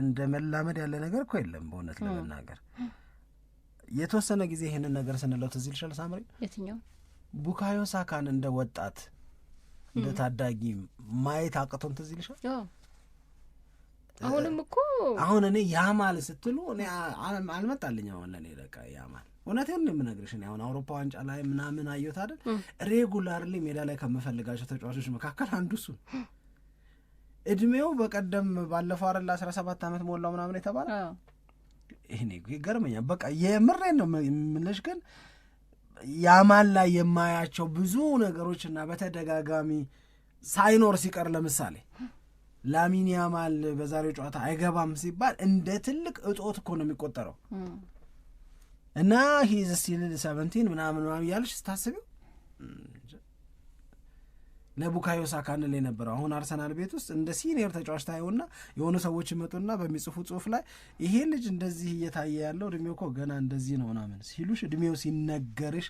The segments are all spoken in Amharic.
እንደ መላመድ ያለ ነገር እኮ የለም። በእውነት ለመናገር የተወሰነ ጊዜ ይህንን ነገር ስንለው ትዝ ይልሻል ሳምሪ፣ የትኛው ቡካዮ ሳካን እንደ ወጣት እንደ ታዳጊ ማየት አቅቶን ትዝ ይልሻል። አሁንም እኮ አሁን እኔ ያማል ስትሉ እኔ አልመጣልኝ። አሁን ለእኔ በቃ ያማል እውነቴን የምነግርሽ እኔ አሁን አውሮፓ ዋንጫ ላይ ምናምን አየሁት አይደል፣ ሬጉላርሊ ሜዳ ላይ ከምፈልጋቸው ተጫዋቾች መካከል አንዱ እሱ እድሜው በቀደም ባለፈው አረላ አስራ ሰባት ዓመት ሞላው ምናምን የተባለ ይህኔ ይገርመኛል። በቃ የምሬን ነው የምልሽ ግን ያማን ላይ የማያቸው ብዙ ነገሮች እና በተደጋጋሚ ሳይኖር ሲቀር ለምሳሌ ላሚን ያማል በዛሬው ጨዋታ አይገባም ሲባል እንደ ትልቅ እጦት እኮ ነው የሚቆጠረው እና ሂዝ ስቲል ሰቨንቲን ምናምን ምናምን እያልሽ ስታስቢው ለቡካዮ ሳካ የነበረው አሁን አርሰናል ቤት ውስጥ እንደ ሲኒየር ተጫዋች ታየውና የሆኑ ሰዎች ይመጡና በሚጽፉ ጽሁፍ ላይ ይሄ ልጅ እንደዚህ እየታየ ያለው እድሜው እኮ ገና እንደዚህ ነው ምናምን ሲሉሽ እድሜው ሲነገርሽ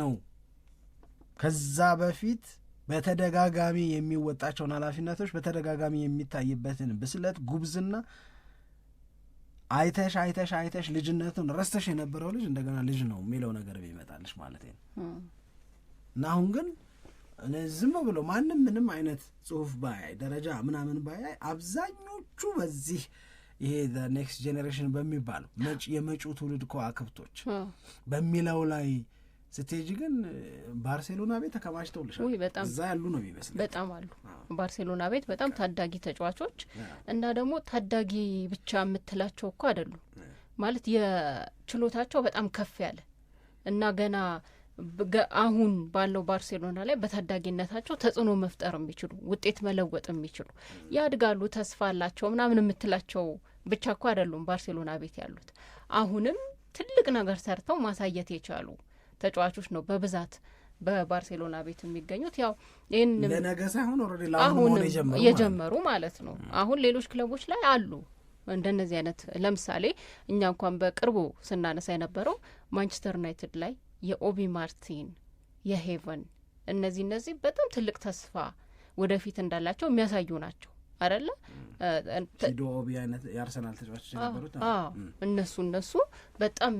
ነው። ከዛ በፊት በተደጋጋሚ የሚወጣቸውን ኃላፊነቶች በተደጋጋሚ የሚታይበትን ብስለት፣ ጉብዝና አይተሽ አይተሽ አይተሽ ልጅነቱን ረስተሽ የነበረው ልጅ እንደገና ልጅ ነው የሚለው ነገር ይመጣልሽ ማለት ነው እና አሁን ግን ዝም ብሎ ማንም ምንም አይነት ጽሁፍ ባያይ ደረጃ ምናምን ባያይ አብዛኞቹ በዚህ ይሄ ኔክስት ጄኔሬሽን በሚባለው የመጪው ትውልድ ከዋክብቶች በሚለው ላይ ስቴጅ ግን ባርሴሎና ቤት ተከማችተውልሻል። እዛ ያሉ ነው የሚመስል በጣም አሉ። ባርሴሎና ቤት በጣም ታዳጊ ተጫዋቾች እና ደግሞ ታዳጊ ብቻ የምትላቸው እኮ አይደሉም ማለት የችሎታቸው በጣም ከፍ ያለ እና ገና አሁን ባለው ባርሴሎና ላይ በታዳጊነታቸው ተጽዕኖ መፍጠር የሚችሉ ውጤት መለወጥ የሚችሉ ያድጋሉ፣ ተስፋ አላቸው ምናምን የምትላቸው ብቻ እኮ አይደሉም ባርሴሎና ቤት ያሉት። አሁንም ትልቅ ነገር ሰርተው ማሳየት የቻሉ ተጫዋቾች ነው በብዛት በባርሴሎና ቤት የሚገኙት። ያው ይህን ለነገ ሳይሆን የጀመሩ ማለት ነው። አሁን ሌሎች ክለቦች ላይ አሉ እንደነዚህ አይነት ለምሳሌ እኛ እንኳን በቅርቡ ስናነሳ የነበረው ማንቸስተር ዩናይትድ ላይ የኦቢ ማርቲን የሄቨን እነዚህ እነዚህ በጣም ትልቅ ተስፋ ወደፊት እንዳላቸው የሚያሳዩ ናቸው አይደለ? ኦቢ አይነት የአርሰናል እነሱ እነሱ በጣም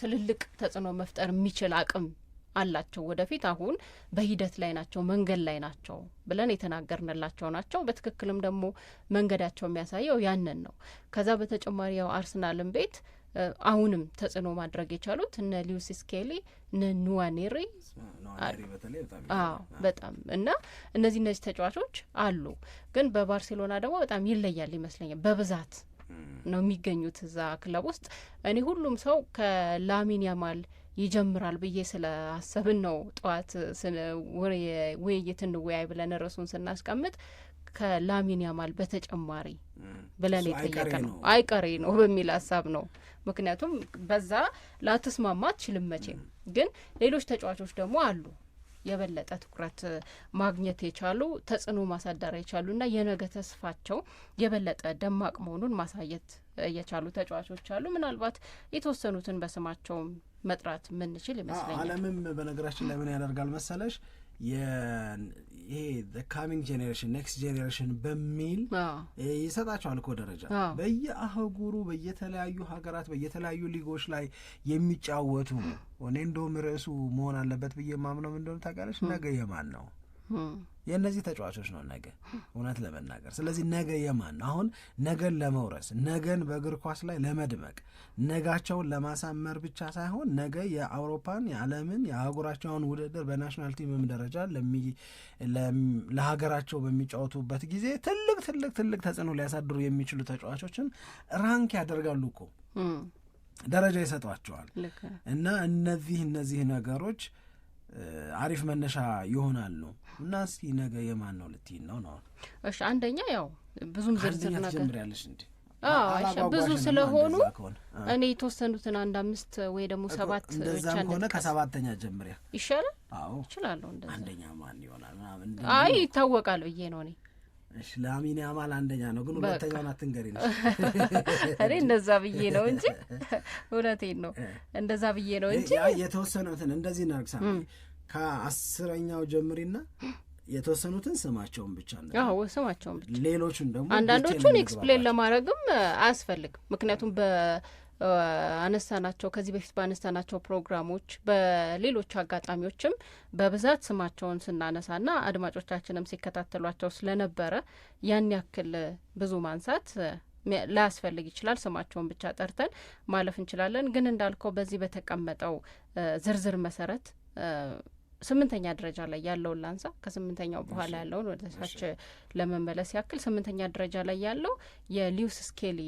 ትልልቅ ተጽዕኖ መፍጠር የሚችል አቅም አላቸው ወደፊት። አሁን በሂደት ላይ ናቸው፣ መንገድ ላይ ናቸው ብለን የተናገርንላቸው ናቸው። በትክክልም ደግሞ መንገዳቸው የሚያሳየው ያንን ነው። ከዛ በተጨማሪ ያው አርሰናልን ቤት አሁንም ተጽዕኖ ማድረግ የቻሉት እነ ሊዩስ ስኬሊ እነ ኑዋኔሪ በጣም እና እነዚህ እነዚህ ተጫዋቾች አሉ። ግን በባርሴሎና ደግሞ በጣም ይለያል ይመስለኛል በብዛት ነው የሚገኙት እዛ ክለብ ውስጥ። እኔ ሁሉም ሰው ከላሚን ያማል ይጀምራል ብዬ ስለ አሰብን ነው ጠዋት ውይይት እንወያይ ብለን ርዕሱን ስናስቀምጥ ከላሚን ያማል በተጨማሪ ብለን የጠየቀ ነው። አይቀሬ ነው በሚል ሀሳብ ነው። ምክንያቱም በዛ ላትስማማ አትችልም መቼም። ግን ሌሎች ተጫዋቾች ደግሞ አሉ የበለጠ ትኩረት ማግኘት የቻሉ ተጽዕኖ ማሳደር የቻሉና የነገ ተስፋቸው የበለጠ ደማቅ መሆኑን ማሳየት የቻሉ ተጫዋቾች አሉ። ምናልባት የተወሰኑትን በስማቸው መጥራት ምንችል ይመስለኛል። አለምም በነገራችን ላይ ምን ያደርጋል መሰለሽ ይሄ ካሚንግ ጄኔሬሽን ኔክስት ጄኔሬሽን በሚል ይሰጣቸዋል እኮ ደረጃ በየአህጉሩ በየተለያዩ ሀገራት በየተለያዩ ሊጎች ላይ የሚጫወቱ እኔ እንደውም ርዕሱ መሆን አለበት ብዬ ማምነው ምንደሆነ ታውቂያለሽ ነገ የማን ነው የእነዚህ ተጫዋቾች ነው ነገ እውነት ለመናገር ስለዚህ ነገ የማን አሁን ነገን ለመውረስ ነገን በእግር ኳስ ላይ ለመድመቅ ነጋቸውን ለማሳመር ብቻ ሳይሆን ነገ የአውሮፓን የዓለምን የአህጉራቸውን ውድድር በናሽናል ቲምም ደረጃ ለሀገራቸው በሚጫወቱበት ጊዜ ትልቅ ትልቅ ትልቅ ተጽዕኖ ሊያሳድሩ የሚችሉ ተጫዋቾችን ራንክ ያደርጋሉ እኮ ደረጃ ይሰጧቸዋል እና እነዚህ እነዚህ ነገሮች አሪፍ መነሻ ይሆናል ነው እና እስኪ ነገ የማን ነው ልትይን ነው ነው? እሺ አንደኛ ያው ብዙም ዝርዝር ነገር ብዙ ስለሆኑ እኔ የተወሰኑትን አንድ አምስት ወይ ደግሞ ሰባት ብቻ ሆነ ከሰባተኛ ጀምሪያ ይሻላል። አዎ ይችላለሁ። እንደዛ አንደኛ ማን ይሆናል? አይ ይታወቃል ብዬ ነው እኔ ላሚን ያማል አንደኛ ነው፣ ግን ሁለተኛውን አትንገሪ ነች። እኔ እንደዛ ብዬ ነው እንጂ እውነቴን ነው፣ እንደዛ ብዬ ነው እንጂ የተወሰኑትን እንደዚህ እናርግሳ ከአስረኛው ጀምሪና የተወሰኑትን ስማቸውን ብቻ ነው ስማቸውን ብቻ ሌሎቹን ደግሞ አንዳንዶቹን ኤክስፕሌን ለማድረግም አያስፈልግም፣ ምክንያቱም አነሳናቸው ከዚህ በፊት ባነሳናቸው ፕሮግራሞች በሌሎች አጋጣሚዎችም በብዛት ስማቸውን ስናነሳና አድማጮቻችንም ሲከታተሏቸው ስለነበረ ያን ያክል ብዙ ማንሳት ላያስፈልግ ይችላል። ስማቸውን ብቻ ጠርተን ማለፍ እንችላለን። ግን እንዳልከው በዚህ በተቀመጠው ዝርዝር መሰረት ስምንተኛ ደረጃ ላይ ያለውን ላንሳ። ከስምንተኛው በኋላ ያለውን ወደ ታች ለመመለስ ያክል ስምንተኛ ደረጃ ላይ ያለው የሊውስ ስኬሊ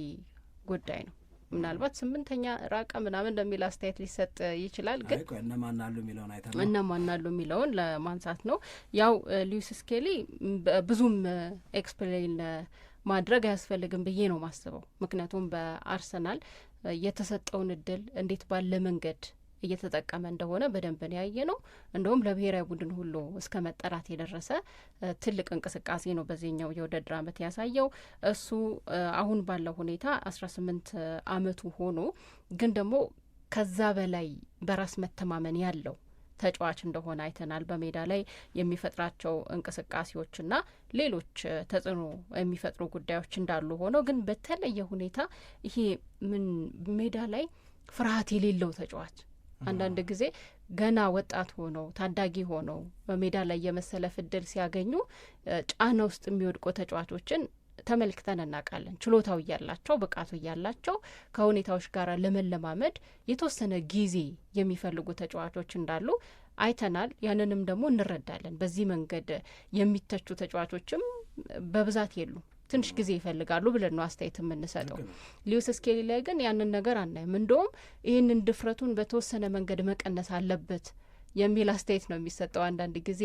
ጉዳይ ነው። ምናልባት ስምንተኛ ራቀ ምናምን እንደሚል አስተያየት ሊሰጥ ይችላል። ግን እነማናሉ የሚለውን የሚለውን ለማንሳት ነው። ያው ሊዩስ ስኬሊ ብዙም ኤክስፕሌን ማድረግ አያስፈልግም ብዬ ነው ማስበው። ምክንያቱም በአርሰናል የተሰጠውን እድል እንዴት ባለ መንገድ እየተጠቀመ እንደሆነ ነው ያየ ነው። እንደውም ለብሔራዊ ቡድን ሁሉ እስከ መጠራት የደረሰ ትልቅ እንቅስቃሴ ነው በዚህኛው የውድድር ዓመት ያሳየው። እሱ አሁን ባለው ሁኔታ አስራ ስምንት አመቱ ሆኖ ግን ደግሞ ከዛ በላይ በራስ መተማመን ያለው ተጫዋች እንደሆነ አይተናል። በሜዳ ላይ የሚፈጥራቸው እንቅስቃሴዎችና ሌሎች ተጽዕኖ የሚፈጥሩ ጉዳዮች እንዳሉ ሆነው ግን በተለየ ሁኔታ ይሄ ምን ሜዳ ላይ ፍርሃት የሌለው ተጫዋች አንዳንድ ጊዜ ገና ወጣት ሆነው ታዳጊ ሆነው በሜዳ ላይ የመሰለፍ እድል ሲያገኙ ጫና ውስጥ የሚወድቁ ተጫዋቾችን ተመልክተን እናውቃለን። ችሎታው እያላቸው ብቃቱ እያላቸው ከሁኔታዎች ጋር ለመለማመድ የተወሰነ ጊዜ የሚፈልጉ ተጫዋቾች እንዳሉ አይተናል። ያንንም ደግሞ እንረዳለን። በዚህ መንገድ የሚተቹ ተጫዋቾችም በብዛት የሉም። ትንሽ ጊዜ ይፈልጋሉ ብለን ነው አስተያየት የምንሰጠው። ሊዩስ ስኬሊ ላይ ግን ያንን ነገር አናይም። እንደውም ይህንን ድፍረቱን በተወሰነ መንገድ መቀነስ አለበት የሚል አስተያየት ነው የሚሰጠው። አንዳንድ ጊዜ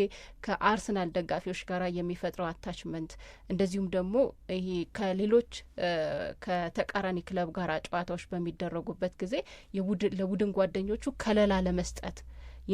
ከአርሰናል ደጋፊዎች ጋር የሚፈጥረው አታችመንት፣ እንደዚሁም ደግሞ ይሄ ከሌሎች ከተቃራኒ ክለብ ጋር ጨዋታዎች በሚደረጉበት ጊዜ ለቡድን ጓደኞቹ ከለላ ለመስጠት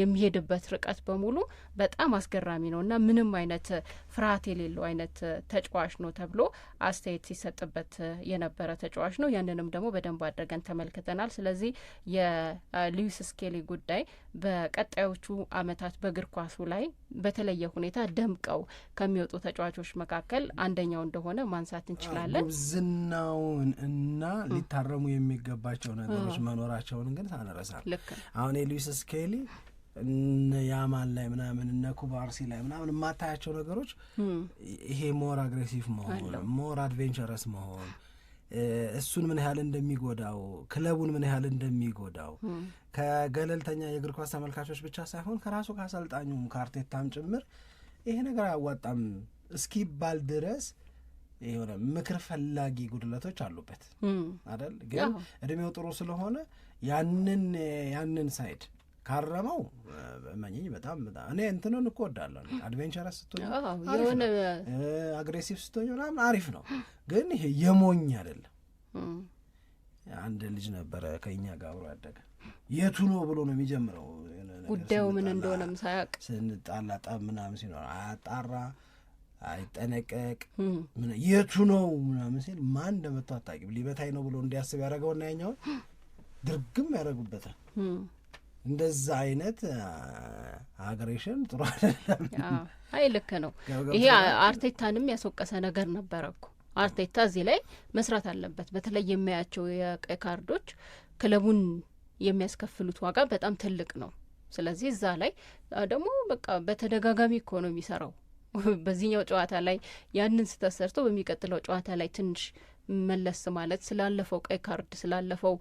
የሚሄድበት ርቀት በሙሉ በጣም አስገራሚ ነው እና ምንም አይነት ፍርሃት የሌለው አይነት ተጫዋች ነው ተብሎ አስተያየት ሲሰጥበት የነበረ ተጫዋች ነው። ያንንም ደግሞ በደንብ አድርገን ተመልክተናል። ስለዚህ የሉዊስ ስኬሊ ጉዳይ በቀጣዮቹ አመታት በእግር ኳሱ ላይ በተለየ ሁኔታ ደምቀው ከሚወጡ ተጫዋቾች መካከል አንደኛው እንደሆነ ማንሳት እንችላለን። ዝናውን እና ሊታረሙ የሚገባቸው ነገሮች መኖራቸውን ግን ሳንረሳል አሁን የሉዊስ ስኬሊ ያማን ላይ ምናምን እነ ኩባርሲ ላይ ምናምን የማታያቸው ነገሮች ይሄ ሞር አግሬሲቭ መሆን ሞር አድቬንቸረስ መሆን እሱን ምን ያህል እንደሚጎዳው ክለቡን ምን ያህል እንደሚጎዳው ከገለልተኛ የእግር ኳስ ተመልካቾች ብቻ ሳይሆን ከራሱ ከአሰልጣኙም ከአርቴታም ጭምር ይሄ ነገር አያዋጣም እስኪባል ድረስ የሆነ ምክር ፈላጊ ጉድለቶች አሉበት አይደል? ግን እድሜው ጥሩ ስለሆነ ያንን ያንን ሳይድ ካረመው መኝኝ በጣም እኔ እንትንን እኮ ወዳለሁ። አድቬንቸረስ ስትሆኝ አግሬሲቭ ስትሆኝ ምናምን አሪፍ ነው፣ ግን ይሄ የሞኝ አይደለም። አንድ ልጅ ነበረ ከኛ ጋር አብሮ ያደገ የቱ ነው ብሎ ነው የሚጀምረው ጉዳዩ ምን እንደሆነም ሳያውቅ ስንጣላ ጠብ ምናምን ሲኖር አያጣራ አይጠነቀቅ የቱ ነው ምናምን ሲል ማን እንደመቶ አታውቂም። ሊበታይ ነው ብሎ እንዲያስብ ያደረገውና ያኛውን ድርግም ያደረጉበታል። እንደዛ አይነት አግሬሽን ጥሩ አይደለም። አይ ልክ ነው። ይሄ አርቴታንም ያስወቀሰ ነገር ነበረ እኮ አርቴታ እዚህ ላይ መስራት አለበት። በተለይ የሚያያቸው የቀይ ካርዶች ክለቡን የሚያስከፍሉት ዋጋ በጣም ትልቅ ነው። ስለዚህ እዛ ላይ ደግሞ በቃ በተደጋጋሚ እኮ ነው የሚሰራው። በዚህኛው ጨዋታ ላይ ያንን ስተሰርቶ ሰርቶ በሚቀጥለው ጨዋታ ላይ ትንሽ መለስ ማለት ስላለፈው ቀይ ካርድ ስላለፈው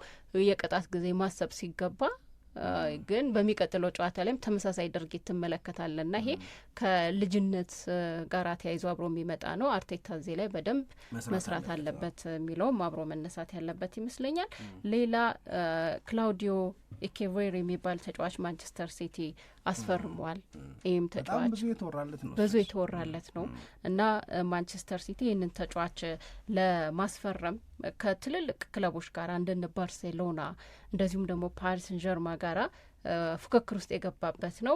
የቅጣት ጊዜ ማሰብ ሲገባ ግን በሚቀጥለው ጨዋታ ላይም ተመሳሳይ ድርጊት ትመለከታለን ና ይሄ ከልጅነት ጋር ተያይዞ አብሮ የሚመጣ ነው። አርቴታ እዚህ ላይ በደንብ መስራት አለበት የሚለውም አብሮ መነሳት ያለበት ይመስለኛል። ሌላ ክላውዲዮ ኢኬቬር የሚባል ተጫዋች ማንቸስተር ሲቲ አስፈርሟል። ይህም ተጫዋች ብዙ የተወራለት ነው እና ማንቸስተር ሲቲ ይህንን ተጫዋች ለማስፈረም ከትልልቅ ክለቦች ጋር እንደነ ባርሴሎና እንደዚሁም ደግሞ ፓሪስን ጀርማ ጋራ ፉክክር ውስጥ የገባበት ነው።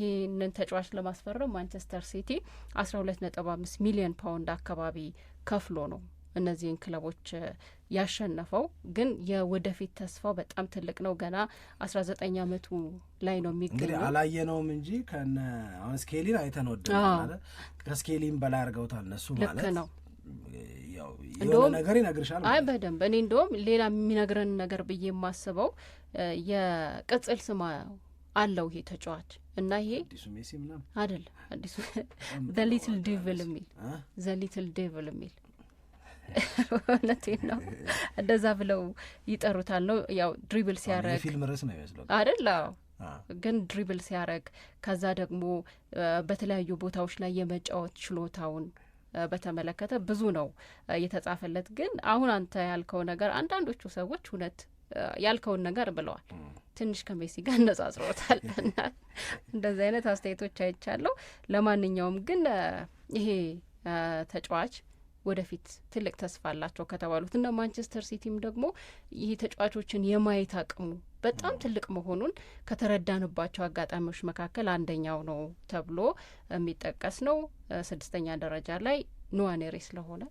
ይህንን ተጫዋች ለማስፈረም ማንቸስተር ሲቲ አስራ ሁለት ነጥብ አምስት ሚሊዮን ፓውንድ አካባቢ ከፍሎ ነው እነዚህን ክለቦች ያሸነፈው። ግን የወደፊት ተስፋው በጣም ትልቅ ነው። ገና አስራ ዘጠኝ አመቱ ላይ ነው የሚገኝ። አላየነውም እንጂ ከነ አሁን ስኬሊን አይተንወደ ከስኬሊን በላይ አድርገውታል እነሱ ማለት ነው። የሆነ ነገር ይነግርሻል። አይ በደንብ እኔ እንደውም ሌላ የሚነግረን ነገር ብዬ የማስበው የቅጽል ስማ አለው ይሄ ተጫዋች እና ይሄ አይደለም አዲሱ ዘ ሊትል ዴቭል የሚል ዘ ሊትል ዴቭል የሚል እውነቴን ነው። እንደዛ ብለው ይጠሩታል ነው ያው ድሪብል ሲያረግ ፊልም ርዕስ ነው ይመስለው አይደል? ግን ድሪብል ሲያረግ ከዛ ደግሞ በተለያዩ ቦታዎች ላይ የመጫወት ችሎታውን በተመለከተ ብዙ ነው የተጻፈለት። ግን አሁን አንተ ያልከው ነገር አንዳንዶቹ ሰዎች እውነት ያልከውን ነገር ብለዋል፣ ትንሽ ከሜሲ ጋር እነጻጽሮታል እና እንደዚህ አይነት አስተያየቶች አይቻለሁ። ለማንኛውም ግን ይሄ ተጫዋች ወደፊት ትልቅ ተስፋ አላቸው ከተባሉት እና ማንቸስተር ሲቲም ደግሞ ይህ ተጫዋቾችን የማየት አቅሙ በጣም ትልቅ መሆኑን ከተረዳንባቸው አጋጣሚዎች መካከል አንደኛው ነው ተብሎ የሚጠቀስ ነው። ስድስተኛ ደረጃ ላይ ኑዋኔሪ ስለሆነ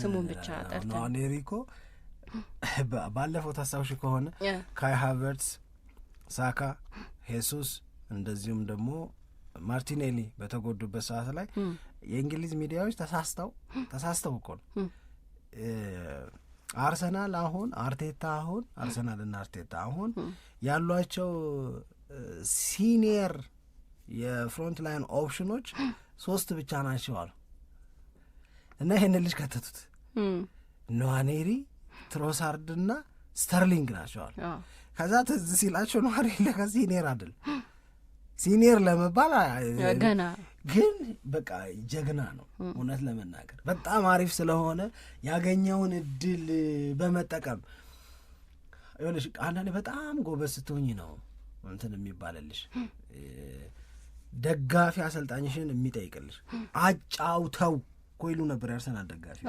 ስሙን ብቻ ጠርተን ኑዋኔሪ እኮ ባለፈው ታስታውሽ ከሆነ ካይ ሃቨርትስ፣ ሳካ፣ ሄሱስ እንደዚሁም ደግሞ ማርቲኔሊ በተጎዱበት ሰዓት ላይ የእንግሊዝ ሚዲያዎች ተሳስተው ተሳስተው እኮ ነው አርሰናል አሁን አርቴታ አሁን አርሰናል አርሰናልና አርቴታ አሁን ያሏቸው ሲኒየር የፍሮንት ላይን ኦፕሽኖች ሶስት ብቻ ናቸው አሉ እና ይህን ልጅ ከተቱት። ነዋኔሪ ትሮሳርድና ስተርሊንግ ናቸው አሉ። ከዛ ትዝ ሲላቸው ነዋሪ ለከ ሲኒየር አይደል ሲኒየር ለመባል ገና ግን በቃ ጀግና ነው። እውነት ለመናገር በጣም አሪፍ ስለሆነ ያገኘውን እድል በመጠቀም ሆነሽ አንዳንዴ በጣም ጎበዝ ስትሆኝ ነው እንትን የሚባልልሽ ደጋፊ አሰልጣኝሽን የሚጠይቅልሽ አጫውተው እኮ ይሉ ነበር ያርሰናል ደጋፊ።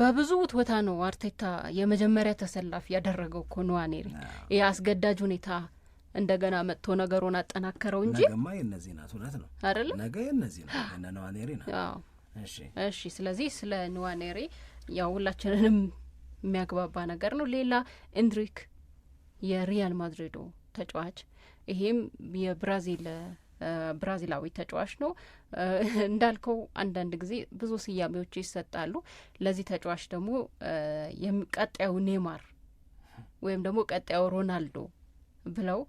በብዙ ውትወታ ነው አርቴታ የመጀመሪያ ተሰላፊ ያደረገው እኮ ንዋኔሪ ይህ አስገዳጅ ሁኔታ እንደገና መጥቶ ነገሩን አጠናከረው እንጂ ነገማ የነዚህ ናት። እውነት ነው አይደለም? ነገ የነዚህ እነ እሺ ስለዚህ ስለ ንዋኔሪ ያው ሁላችንንም የሚያግባባ ነገር ነው። ሌላ ኢንድሪክ የሪያል ማድሪዶ ተጫዋች ይሄም የብራዚል ብራዚላዊ ተጫዋች ነው። እንዳልከው አንዳንድ ጊዜ ብዙ ስያሜዎች ይሰጣሉ። ለዚህ ተጫዋች ደግሞ ቀጣዩ ኔማር ወይም ደግሞ ቀጣዩ ሮናልዶ ብለው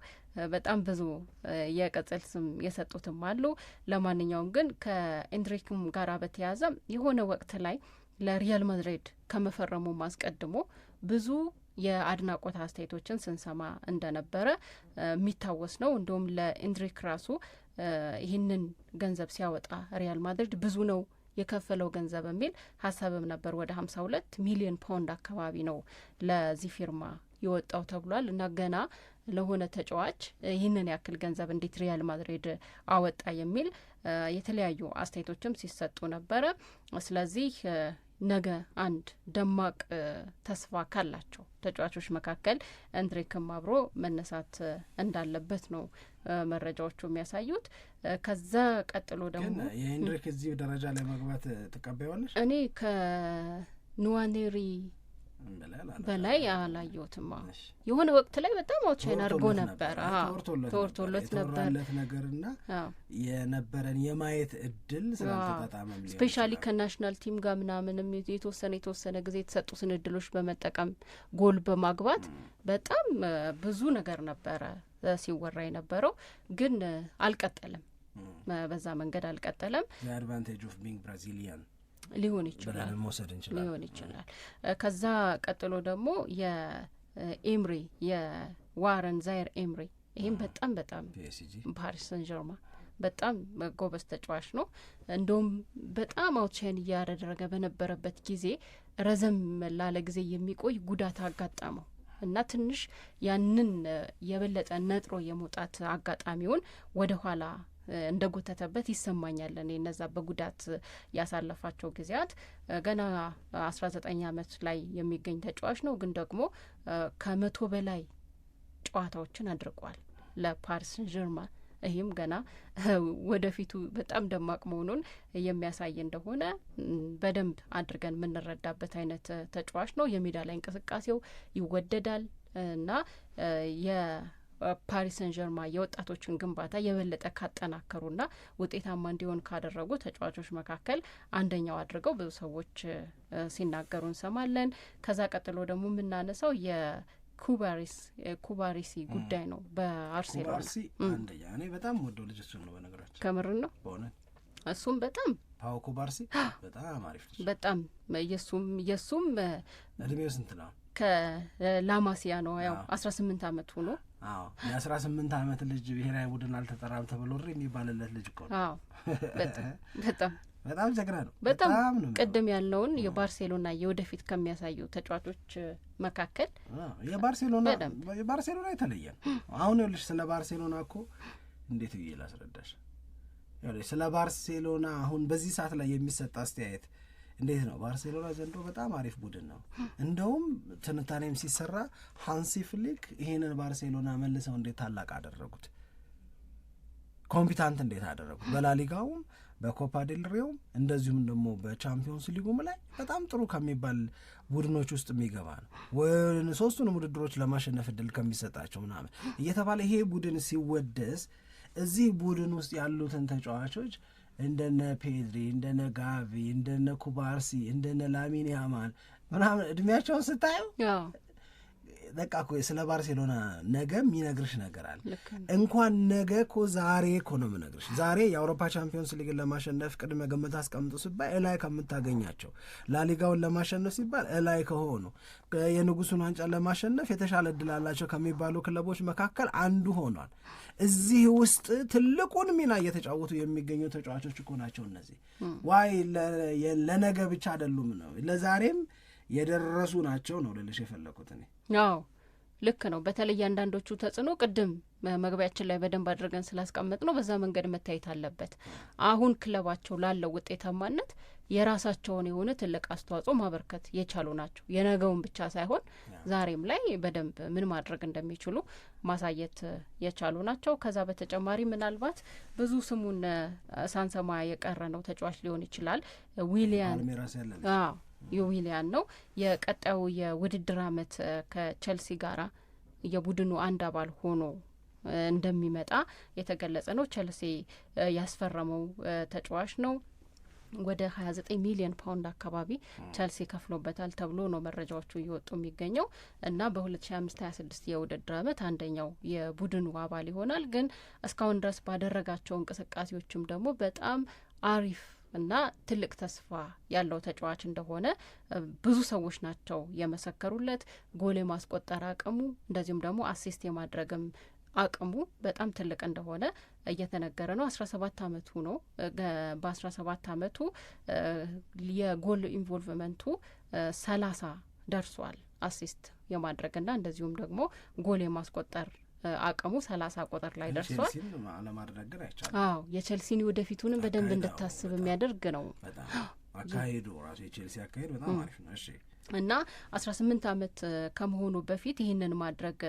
በጣም ብዙ የቅጽል ስም የሰጡትም አሉ። ለማንኛውም ግን ከኤንድሪክም ጋር በተያያዘ የሆነ ወቅት ላይ ለሪያል ማድሪድ ከመፈረሙ አስቀድሞ ብዙ የአድናቆት አስተያየቶችን ስንሰማ እንደነበረ የሚታወስ ነው። እንዲሁም ለኢንድሪክ ራሱ ይህንን ገንዘብ ሲያወጣ ሪያል ማድሪድ ብዙ ነው የከፈለው ገንዘብ የሚል ሀሳብም ነበር። ወደ ሀምሳ ሁለት ሚሊዮን ፓውንድ አካባቢ ነው ለዚህ ፊርማ የወጣው ተብሏል እና ገና ለሆነ ተጫዋች ይህንን ያክል ገንዘብ እንዴት ሪያል ማድሪድ አወጣ የሚል የተለያዩ አስተያየቶችም ሲሰጡ ነበረ። ስለዚህ ነገ አንድ ደማቅ ተስፋ ካላቸው ተጫዋቾች መካከል እንድሪክም አብሮ መነሳት እንዳለበት ነው መረጃዎቹ የሚያሳዩት። ከዛ ቀጥሎ ደግሞ የኤንድሪክ እዚህ ደረጃ ላይ መግባት ተቀባይዋለች እኔ ከኑዋኔሪ በላይ አላየሁትም። የሆነ ወቅት ላይ በጣም አውትሻይን አድርጎ ነበር፣ ተወርቶለት ነበር ነገርና የነበረን የማየት እድል ስላልተጣጣመ ስፔሻሊ ከናሽናል ቲም ጋር ምናምንም የተወሰነ የተወሰነ ጊዜ የተሰጡትን እድሎች በመጠቀም ጎል በማግባት በጣም ብዙ ነገር ነበረ ሲወራ የነበረው ግን አልቀጠለም፣ በዛ መንገድ አልቀጠለም። አድቫንቴጅ ኦፍ ቢንግ ብራዚሊያን ሊሆን ይችላል መውሰድ እንችላል ሊሆን ይችላል። ከዛ ቀጥሎ ደግሞ የኤምሪ የዋረን ዛይር ኤምሪ ይህም በጣም በጣም ፓሪስ ሰን ጀርማ በጣም ጎበዝ ተጫዋች ነው። እንደውም በጣም አውትሻይን እያደረገ በነበረበት ጊዜ ረዘም ላለ ጊዜ የሚቆይ ጉዳት አጋጠመው እና ትንሽ ያንን የበለጠ ነጥሮ የመውጣት አጋጣሚውን ወደ ኋላ እንደ ጎተተበት ይሰማኛል። እኔ እነዛ በጉዳት ያሳለፋቸው ጊዜያት ገና አስራ ዘጠኝ አመት ላይ የሚገኝ ተጫዋች ነው፣ ግን ደግሞ ከመቶ በላይ ጨዋታዎችን አድርጓል ለፓሪስን ጀርማ ይህም ገና ወደፊቱ በጣም ደማቅ መሆኑን የሚያሳይ እንደሆነ በደንብ አድርገን የምንረዳበት አይነት ተጫዋች ነው። የሜዳ ላይ እንቅስቃሴው ይወደዳል እና ፓሪስ ሰን ጀርማ የወጣቶችን ግንባታ የበለጠ ካጠናከሩና ውጤታማ እንዲሆን ካደረጉ ተጫዋቾች መካከል አንደኛው አድርገው ብዙ ሰዎች ሲናገሩ እንሰማለን። ከዛ ቀጥሎ ደግሞ የምናነሳው የ ኩባሪሲ ጉዳይ ነው። በአርሴናል አንደኛ እኔ በጣም ወደው ልጅ እሱን ነው በነገራችን ከምር ነው እሱም በጣም ፓው ኩባሪሲ በጣም አሪፍ ልጅ በጣም የሱም የሱም እድሜው ስንት ነው? ከላማሲያ ነው ያው አስራ ስምንት አመት ሆኖ አዎ የአስራ ስምንት አመት ልጅ ብሔራዊ ቡድን አልተጠራም ተብሎ ሪ የሚባልለት ልጅ እኮ ነው። በጣም በጣም ጀግና ነው። በጣም ቅድም ያለውን የባርሴሎና የወደፊት ከሚያሳዩ ተጫዋቾች መካከል የባርሴሎና የባርሴሎና የተለየ ነው። አሁን ይኸውልሽ ስለ ባርሴሎና እኮ እንዴት ብዬ ላስረዳሽ? ስለ ባርሴሎና አሁን በዚህ ሰዓት ላይ የሚሰጥ አስተያየት እንዴት ነው ባርሴሎና ዘንድሮ በጣም አሪፍ ቡድን ነው። እንደውም ትንታኔም ሲሰራ ሃንሲ ፍሊክ ይህንን ባርሴሎና መልሰው እንዴት ታላቅ አደረጉት፣ ኮምፒታንት እንዴት አደረጉት፣ በላሊጋውም በኮፓ ዴል ሬውም እንደዚሁም ደግሞ በቻምፒዮንስ ሊጉም ላይ በጣም ጥሩ ከሚባል ቡድኖች ውስጥ የሚገባ ነው። ሶስቱንም ውድድሮች ለማሸነፍ እድል ከሚሰጣቸው ምናምን እየተባለ ይሄ ቡድን ሲወደስ እዚህ ቡድን ውስጥ ያሉትን ተጫዋቾች እንደነ ፔድሪ፣ እንደነ ጋቪ፣ እንደነ ኩባርሲ፣ እንደነ ላሚን ያማል ምናምን እድሜያቸውን ስታየው በቃ እኮ ስለ ባርሴሎና ነገ የሚነግርሽ ነገር አለ። እንኳን ነገ እኮ ዛሬ እኮ ነው የምነግርሽ። ዛሬ የአውሮፓ ቻምፒዮንስ ሊግን ለማሸነፍ ቅድመ ግምት አስቀምጡ ሲባል እላይ ከምታገኛቸው፣ ላሊጋውን ለማሸነፍ ሲባል እላይ ከሆኑ፣ የንጉሱን ዋንጫ ለማሸነፍ የተሻለ እድል አላቸው ከሚባሉ ክለቦች መካከል አንዱ ሆኗል። እዚህ ውስጥ ትልቁን ሚና እየተጫወቱ የሚገኙ ተጫዋቾች እኮ ናቸው እነዚህ። ዋይ ለነገ ብቻ አይደሉም ነው ለዛሬም የደረሱ ናቸው ነው ልልሽ የፈለኩት እኔ። አዎ ልክ ነው። በተለይ አንዳንዶቹ ተጽዕኖ ቅድም መግቢያችን ላይ በደንብ አድርገን ስላስቀመጥ ነው በዛ መንገድ መታየት አለበት። አሁን ክለባቸው ላለው ውጤታማነት የራሳቸውን የሆነ ትልቅ አስተዋጽኦ ማበርከት የቻሉ ናቸው። የነገውን ብቻ ሳይሆን ዛሬም ላይ በደንብ ምን ማድረግ እንደሚችሉ ማሳየት የቻሉ ናቸው። ከዛ በተጨማሪ ምናልባት ብዙ ስሙን ሳንሰማ የቀረ ነው ተጫዋች ሊሆን ይችላል ዊሊያን የዊሊያን ነው። የቀጣዩ የውድድር አመት ከቸልሲ ጋራ የቡድኑ አንድ አባል ሆኖ እንደሚመጣ የተገለጸ ነው። ቸልሲ ያስፈረመው ተጫዋች ነው። ወደ 29 ሚሊዮን ፓውንድ አካባቢ ቸልሲ ከፍሎበታል ተብሎ ነው መረጃዎቹ እየወጡ የሚገኘው እና በ2025/26 የውድድር አመት አንደኛው የቡድኑ አባል ይሆናል። ግን እስካሁን ድረስ ባደረጋቸው እንቅስቃሴዎችም ደግሞ በጣም አሪፍ እና ትልቅ ተስፋ ያለው ተጫዋች እንደሆነ ብዙ ሰዎች ናቸው የመሰከሩለት። ጎል የማስቆጠር አቅሙ እንደዚሁም ደግሞ አሲስት የማድረግም አቅሙ በጣም ትልቅ እንደሆነ እየተነገረ ነው። አስራ ሰባት አመቱ ነው። በአስራ ሰባት አመቱ የጎል ኢንቮልቭመንቱ ሰላሳ ደርሷል። አሲስት የማድረግና እንደዚሁም ደግሞ ጎል የማስቆጠር አቅሙ ሰላሳ ቁጥር ላይ ደርሷል። ለማድረግን አይቻልም። አዎ የቼልሲን ወደፊቱንም በደንብ እንድታስብ የሚያደርግ ነው። አካሄዱ ራሱ የቼልሲ አካሄድ በጣም አሪፍ ነው። እሺ እና አስራ ስምንት አመት ከመሆኑ በፊት ይህንን ማድረግ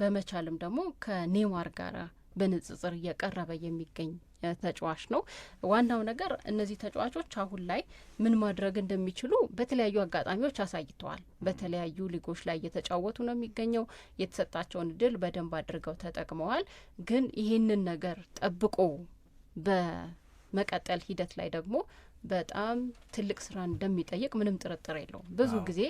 በመቻልም ደግሞ ከኔማር ጋር በንጽጽር እየቀረበ የሚገኝ ተጫዋች ነው። ዋናው ነገር እነዚህ ተጫዋቾች አሁን ላይ ምን ማድረግ እንደሚችሉ በተለያዩ አጋጣሚዎች አሳይተዋል። በተለያዩ ሊጎች ላይ እየተጫወቱ ነው የሚገኘው። የተሰጣቸውን እድል በደንብ አድርገው ተጠቅመዋል። ግን ይህንን ነገር ጠብቆ በመቀጠል ሂደት ላይ ደግሞ በጣም ትልቅ ስራ እንደሚጠይቅ ምንም ጥርጥር የለውም። ብዙ ጊዜ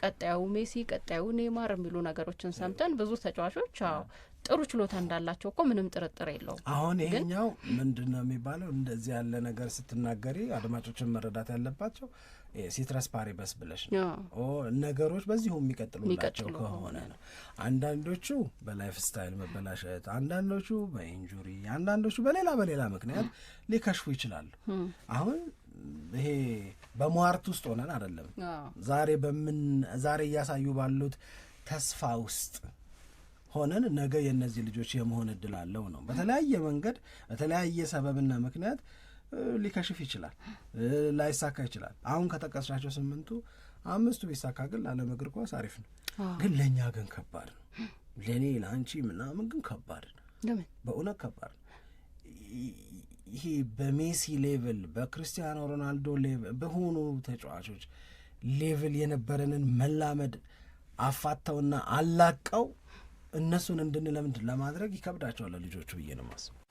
ቀጣዩ ሜሲ፣ ቀጣዩ ኔይማር የሚሉ ነገሮችን ሰምተን ብዙ ተጫዋቾች አዎ ጥሩ ችሎታ እንዳላቸው እኮ ምንም ጥርጥር የለውም። አሁን ይሄኛው ምንድን ነው የሚባለው? እንደዚህ ያለ ነገር ስትናገሪ አድማጮችን መረዳት ያለባቸው ሲትረስ ፓሪበስ ብለሽ ነው ነገሮች በዚሁ የሚቀጥሉላቸው ከሆነ ነው። አንዳንዶቹ በላይፍ ስታይል መበላሸት፣ አንዳንዶቹ በኢንጁሪ፣ አንዳንዶቹ በሌላ በሌላ ምክንያት ሊከሽፉ ይችላሉ። አሁን ይሄ በሟርት ውስጥ ሆነን አይደለም። ዛሬ በምን ዛሬ እያሳዩ ባሉት ተስፋ ውስጥ ሆነን ነገ የእነዚህ ልጆች የመሆን እድል አለው ነው በተለያየ መንገድ በተለያየ ሰበብና ምክንያት ሊከሽፍ ይችላል፣ ላይሳካ ይችላል። አሁን ከጠቀስሻቸው ስምንቱ አምስቱ ቢሳካ ግን ለዓለም እግር ኳስ አሪፍ ነው፣ ግን ለእኛ ግን ከባድ ነው። ለእኔ ለአንቺ ምናምን ግን ከባድ ነው። በእውነት ከባድ ነው። ይሄ በሜሲ ሌቭል በክርስቲያኖ ሮናልዶ ሌቭል በሆኑ ተጫዋቾች ሌቭል የነበረንን መላመድ አፋተውና አላቀው እነሱን እንድንለምድ ለማድረግ ይከብዳቸዋል ልጆቹ ብዬ ነው ማስበው።